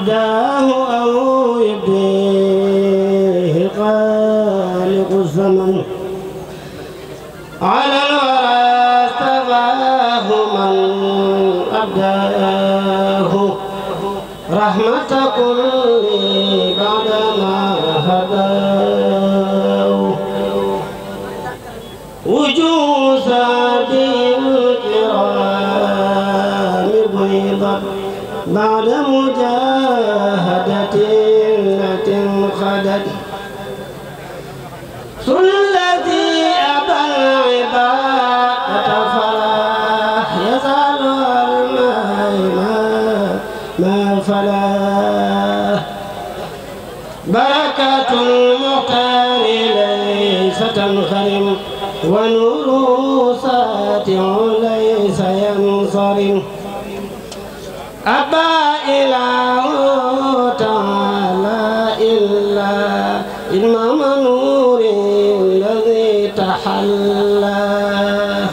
أعداه أو يبديه خالق الزمن على الورى استغاه من أبداه رحمة كل بعدما هداه وجوه سادي الكرام بيضة بعد مجاهد هدت إلة خدت الذي أبى العبادة فلا يزال الماء ما فلا بركة المختار ليس تنخرم ونور ساتع ليس ينصرم أبى إله تحلى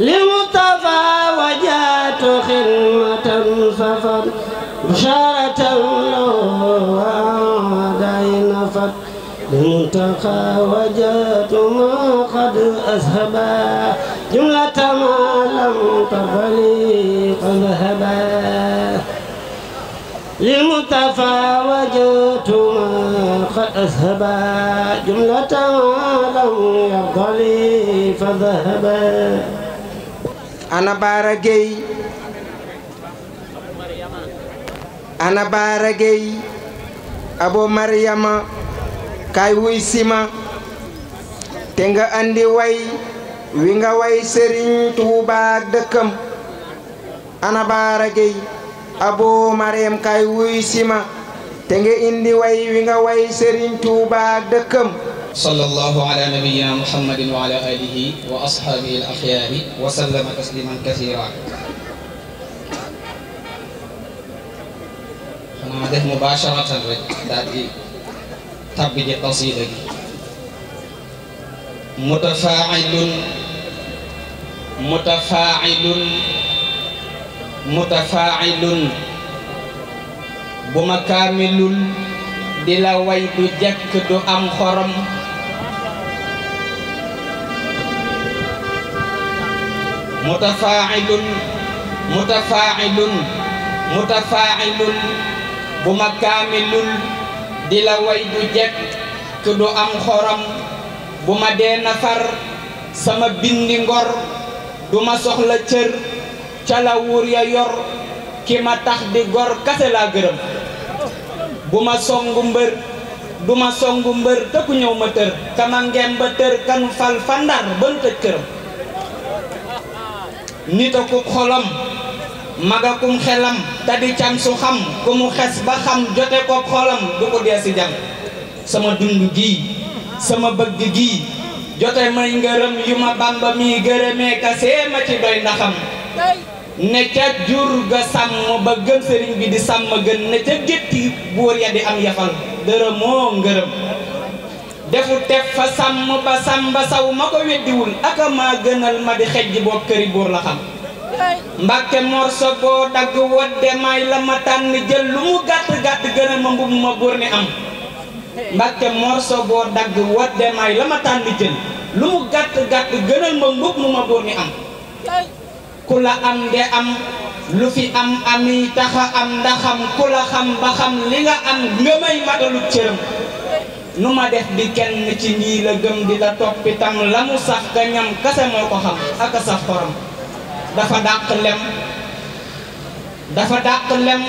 لمصطفى وجات خدمة ففر بشارة له ودين فر لمنتقى وجات ما قد أذهبا جملة ما لم تغلي قد هبا لمصطفى وجات أذهبا جملة لم يبق لي فذهبا wuy sima te nga andi way wi nga way sëriñ Tuubaa ak dëkkam ana baara géy aboo mareem kaay wuy sima te nga indi way wi nga way Serigne Touba dëkkam sallallahu ala nabiyyina muhammadin wa ala alihi wa ashabihi al axyaari wa sallama tasliman kasiran xanaa def mubasharatan rek daal di tabbi ji qasida gi mutafaailun mutafaailun mutafaailun bu ma kaamilul di la way du jekk du am xorom mutafaa'ilun mutafaa'ilun bu ma kaamilul di la way du jekk du am xorom bu ma dee nafar sama bindi ngor du ma soxla cër ca la wuur ya yor ki ma tax di gor kase laa gërëm bu ma songu mbër du ma songu mbër te ku ñëw ma tër kama ngem ba tër kanu fal fandar ban tëj këram nit a ku xolam xelam te di cam xam ku mu xes ba xam jote ko xolam du ko dee si jam sama dund gii sama bëgg gii jote may ngërëm yu ma bamba mi gërëmee kase ci doy ndaxam ne ca jur ga sàmm ba gëm sëriñ bi di sàmm gën ne ca gétti buur ya di am yafal dërëmoo ngërëm defu fa sàmm ba sàmm ba saw ma ko weddiwul aka gënal ma di xejj boobu këri buur la xam mbàkke morso boo dagg wodde may la ma tànn jël lu mu gàtt gàtt gënal ma mbubb ma buur ne am mbàkke morso boo dagg wodde may la ma tànn jël lu mu gàtt gàtt gënal ma mbubb mu ma buur ne am ku la am nge am lu fi am ami taxa am ndaxam ku la xam ba xam li nga am nga may matalu cëram nu ma def di kenn ci ñii la gëm di la toppitam la mu sax ka ñam kase moo ko xam ak a sax xorom dafa dàq lem dafa dàq lem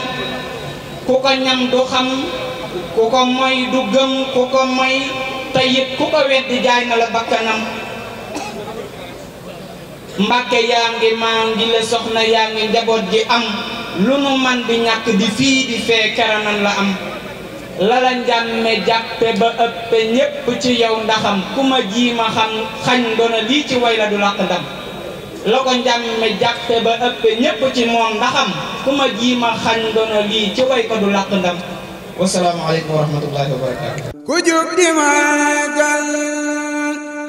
ku ko ñam du xam ku ko moy du gëm ku ko moy te it ku ko weddi jaay na la bakkanam mbàkke yaa ngi maa ngi la soxna yaa ngi njaboot gi am lu nu man di ñàkk di fii di fee karanan la am lala njàmme jàppe ba ëppe ñépp ci yow ndaxam ku ma jiima xam xañ doona lii ci woy la du làq ndam la ko njàmme jàppe ba ëppe ñépp ci moom ndaxam ku ma jiima xañ doona lii ci way ko du làq ndam wasalaamu aleykum wa rahmatullahi wa barakaatu ku jub di maagal